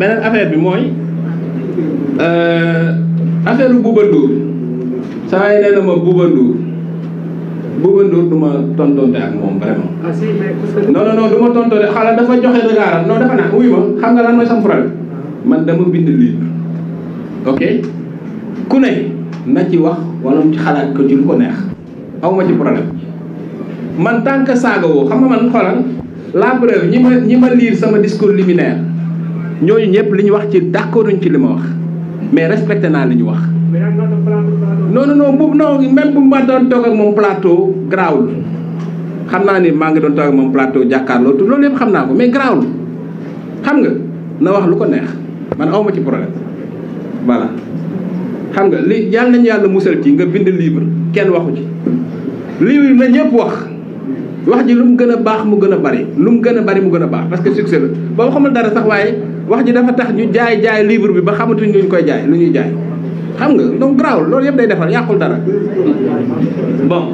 beneen affaire bi mooy euh, affaire bu saa yi nee na ma Bouba Ndour Bouba Ndour du ma tontonte ak moom vraiment. ah si mais non tontonte xala dafa joxe regard non dafa naan xam nga lan mooy sama problème man dama ku ne na ci wax wala xalaat ko ci lu neex aw ma ci tant que saaga woo xam nga man xoolal la preuve ñi ma ñi ma lire sama discours liminaire. ñooñu ñëpp li ñu wax ci d'accorduñ ci li ma wax mais respecté naa li ñu wax. non non non bu non même bu ma doon toog ak moom plateau garaawul xam naa ni maa ngi doon toog ak moom plateau jàkkaarloo te loolu yëpp xam naa ko mais garaawul xam nga na wax lu ko neex man awma ci problème voilà. xam nga li yàlla nañu yàlla musal ci nga bind libre kenn waxu ci li livre na ñëpp wax wax ji lu mu gën a baax mu gën a bari lu mu gën a bari mu gën a baax parce que succès la ba waxuma dara sax waaye. wax ji dafa tax ñu jaay jaay livre bi ba xamatuñ lu koy jaay lu ñuy jaay xam nga donc garaawul loolu yëpp day defal yàqul dara bon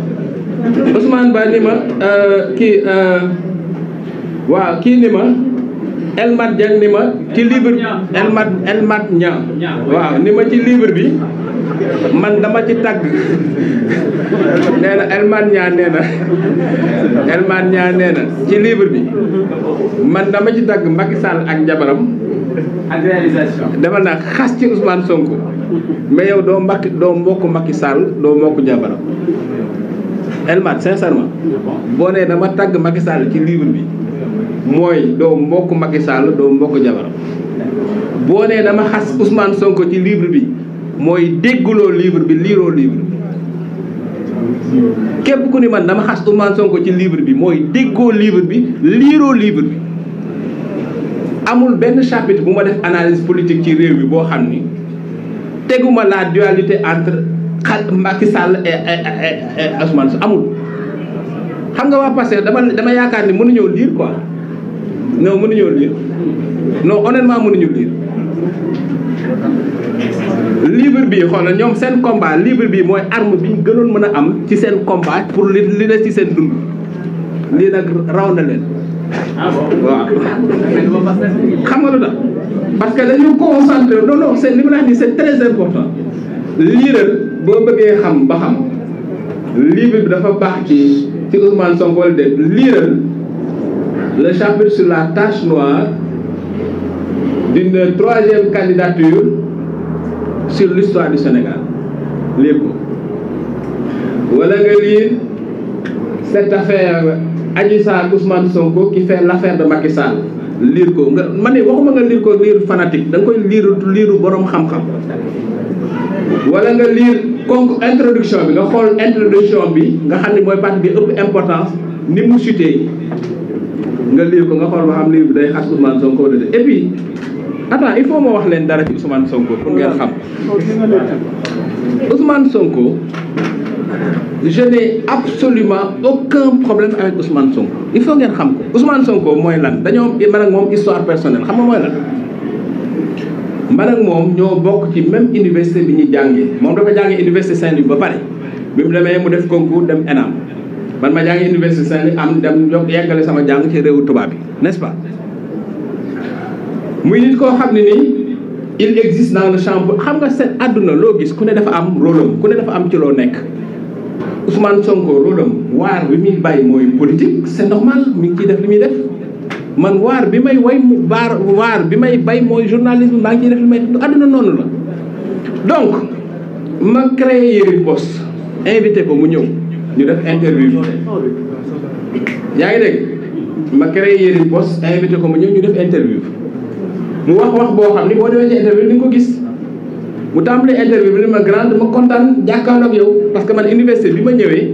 Ousmane Ba ni ma euh, kii euh, waaw kii ci livre ni ma ci livre bi man dama ci tàgg nee na Elmat Niang nee na Elmat ci livre bi man dama ci tàgg Macky Sall ak njabaram ak réalisation. dama naa xas ci Ousmane Sonko mais yow doo mbakki doo mbokk Macky Sall doo mbokk njabootam. Elmat sincèrement boo nee dama tàgg Macky Sall ci libre bi mooy doo mbokk Macky Sall doo mbokk jabaram boo nee dama xas Ousmane Sonko ci libre bi mooy dégguloo livre bi liiroo livre ku ni man dama xas ci livre bi mooy déggoo livre bi liiroo bi amul benn chapitre bu ma def analyse politique ci réew mi boo xam ni teguma laa dualité entre xal Macky amul xam nga waa Pastef dama dama yaakaar ni mënuñoo lire quoi non mënuñoo lire non honnêtement mënuñu lire livre bi xoolal ñoom seen combat livre bi mooy arme bi ñu gënoon mën a am ci seen combat pour li li ci seen dund lii nag raw na leen waaw xam nga lu tax parce que dañu concentré non non c'est li ma la wax c'est très important liiral boo bëggee xam ba xam livre bi dafa baax ci ci Ousmane Sonko wala liiral le chapitre sur la tache noire d'une troisième candidature sur l'histoire du Sénégal lépp wala nga lire cette affaire Adji Sarr Sonko qui fait l'affaire de Macky Sall liir ko nga ma ne waxuma nga liir ko liir fanatique da koy liir liiru borom xam-xam wala nga liir kon introduction bi nga xool introduction bi nga xam ne mooy partie bi ëpp importance ni mu sutee nga liir ko nga xool ba xam liir bi day xas Ousmane Sonko et puis attends il faut moo wax leen dara ci Ousmane Sonko pour ngeen xam Ousmane Sonko je n'ai absolument aucun problème avec Ousmane Sonko il faut ngeen xam ko Ousmane Sonko mooy lan dañoo man ak moom histoire personnelle xam nga mooy lan man ak moom ñoo bokk ci même université bi ñu jàngee moom dafa jàngee université Saint-Louis ba bari bi mu mu def concours dem ENAM man ma jàngee université Saint-Louis am dem yog sama jàng ci réewu tubaab bi n'est-ce pas muy nit koo xam ne nii il existe dans le champ xam nga seen àdduna loo gis ku ne dafa am rôle ku ne dafa am ci loo nekk Ousmane Sonko rôle am waar bi muy bàyyi mooy politique c'est normal mi ngi ciy def li muy def man waar bi may way mu baar waar bi may bay mooy journalisme maa ngi ciy def li may def àdduna noonu la donc ma créé Yewwi bos invité ko mu ñëw ñu def interview yaa ngi dégg ma créé Yewwi Post invité ko mu ñëw ñu def interview mu wax wax boo xam ni boo demee ci interview bi ni ko gis mu tàmbalee interview bi ni ma grand ma kontaan jàkkaarloog yow parce que man université bi ma ñëwee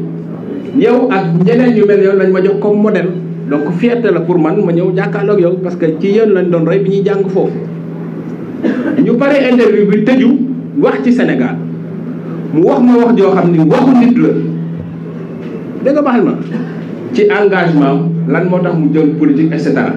yow ak ñeneen ñu mel yow lañ ma jox comme modèle donc fierté la pour man ma ñëw jàkkaarloog yow parce que ci yéen lañ doon roy bi ñuy jàng foofu ñu pare interview bi tëju wax ci Sénégal mu wax moo wax joo xam ni waxu nit la dégg nga ma ci engagement lan moo tax mu jël politique et cetera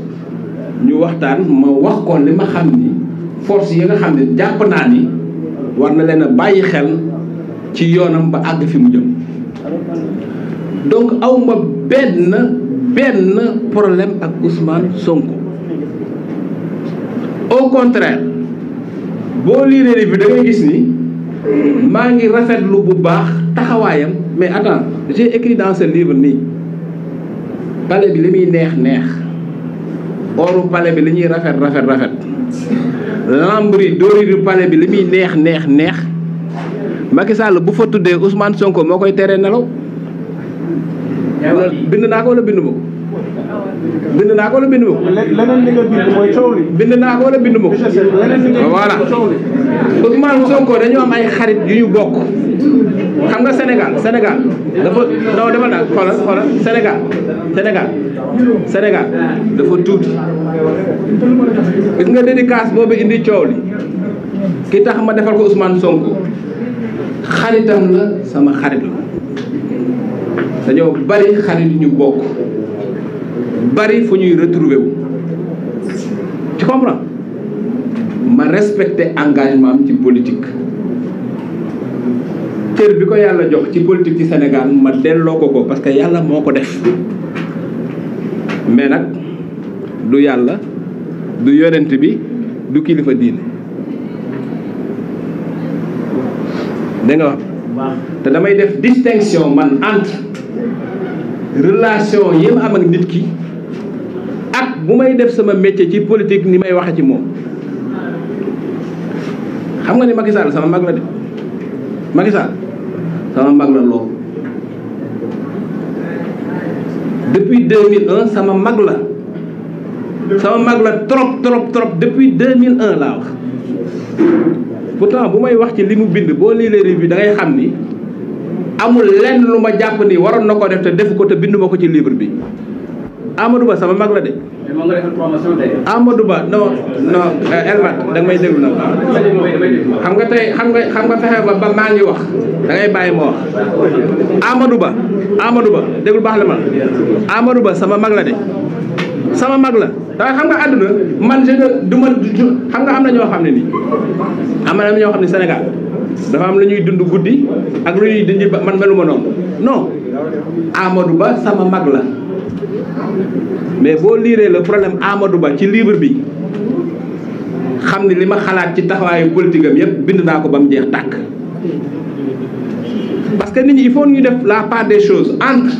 ñu waxtaan ma wax ko li ma xam ni force yi nga xam ne jàpp naa ni war na leen bàyyi xel ci yoonam ba àgg fi mu jëm donc aw ma benn benn problème ak Ousmane Sonko au contraire boo liiree bi da gis ni maa ngi rafetlu bu baax taxawaayam mais attends j'ai écrit dans ce livre nii palais bi li muy neex neex oru palais bi li ñuy rafet rafet rafet lambri dóoridu palais bi li muy neex neex neex Macky Sall bu fa tuddee Ousmane Sonko moo koy teree nelaw bind naa ko wala bindu ma bind naa ko wala bind ma ko. leneen li nga bind mooy coow li. bind naa ko wala bind ma ko. voilà Sonko dañu am ay xarit yu ñu bokk. xam nga Sénégal Sénégal dafa non dafa naan xoolal xoolal Sénégal Sénégal Sénégal dafa tuuti. gis nga dédicace boobu indi coow li ki tax ma defal ko Ousmane Sonko xaritam la sama xarit la dañoo bari xarit yu ñu bokk. bari fu ñuy retrouver wu tu ma respecté engagement am ci politique cër bi ko yàlla jox ci politique ci Sénégal ma delloo ko ko parce que yàlla moo ko def mais nag du yàlla du yonent bi du kilifa diine da nga wax te damay def distinction man entre relation yi ma am ak nit ki bu may def sama métier ci politique ni may waxe ci moom xam nga ne Macky Sall sama mag la de Macky sama mag la lool depuis 2001 sama mag la sama mag la trop trop trop depuis 2001 laa wax pourtant bu may wax ci li mu bind boo lii léeri bi da ngay xam ni amul lenn lu ma jàpp ni waroon na ko def te defu ko te bindu ma ko ci livre bi Amadou Ba sama mag la de. mais moo euh, nga defal Elmat danga may déglu nag. xam nga tey xam nga xam nga fexe ba ba maa ngi wax da ngay bàyyi wax. Amadou Ba Amadou Ba déglu baax la ma Amadou Ba sama mag la de sama mag la waaye xam nga àdduna man je du ma xam nga am na ñoo xam ne nii am na ñoo xam ne Sénégal dafa am la ñuy dund guddi ak lu dund man meluma noonu non Amadou Ba sama mag la. mais boo liiree la problème Amadou Ba ci livre bi xam ne li ma xalaat ci taxawaayu politique am yëpp bind naa ko ba mu jeex tàkk. parce que nit ñi il faut ñu def la part des choses entre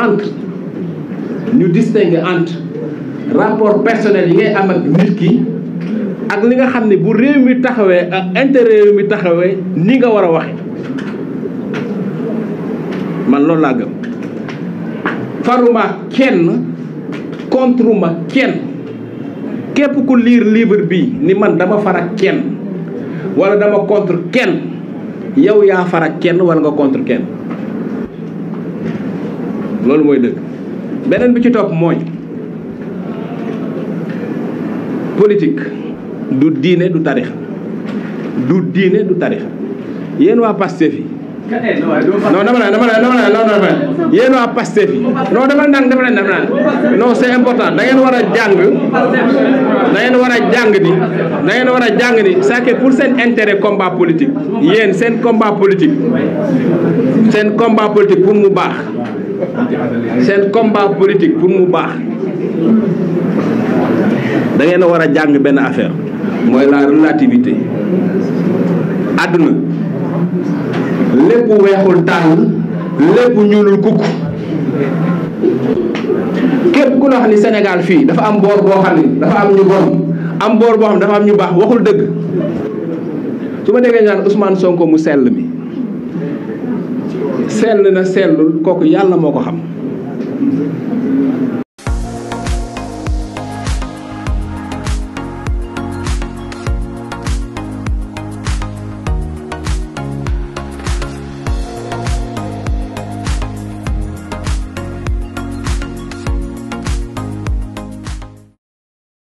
entre ñu distinguer entre rapport personnel yi ngay am ak nit ak li nga xam ne bu réew mi taxawee ak intérêt mi taxawee ni nga war a waxe man loolu laa gëm. faruma kenn contre ma kenn képp ku liir livre bi ni man dama far kenn wala dama contre kenn yow yaa far kenn wala nga contre kenn loolu mooy dëgg beneen bi ci topp mooy politik du diine du tarixa du diine du tarixa yenn waa Pastef non dama ne dama ne dama ne dama ne yéen waa Pastef yi non dama ne dama ne dama ne non c'est important da ngeen war a jàng da ngeen war a jàng ni da ngeen war a jàng ni c'est que pour seen intérêt combat politique yéen seen combat politique seen combat politique pour mu baax seen combat politique pour mu baax da ngeen war a jàng benn affaire mooy la relativité àdduna lépp weexul tàll lépp ñuulul kukk képp ku la wax ni Sénégal fii dafa am boor boo xam ni dafa am ñu bon am boor boo xam ne dafa am ñu baax waxul dëgg su ma déggee naan Ousmane Sonko mu sell mi sell na sellul kooku yàlla moo ko xam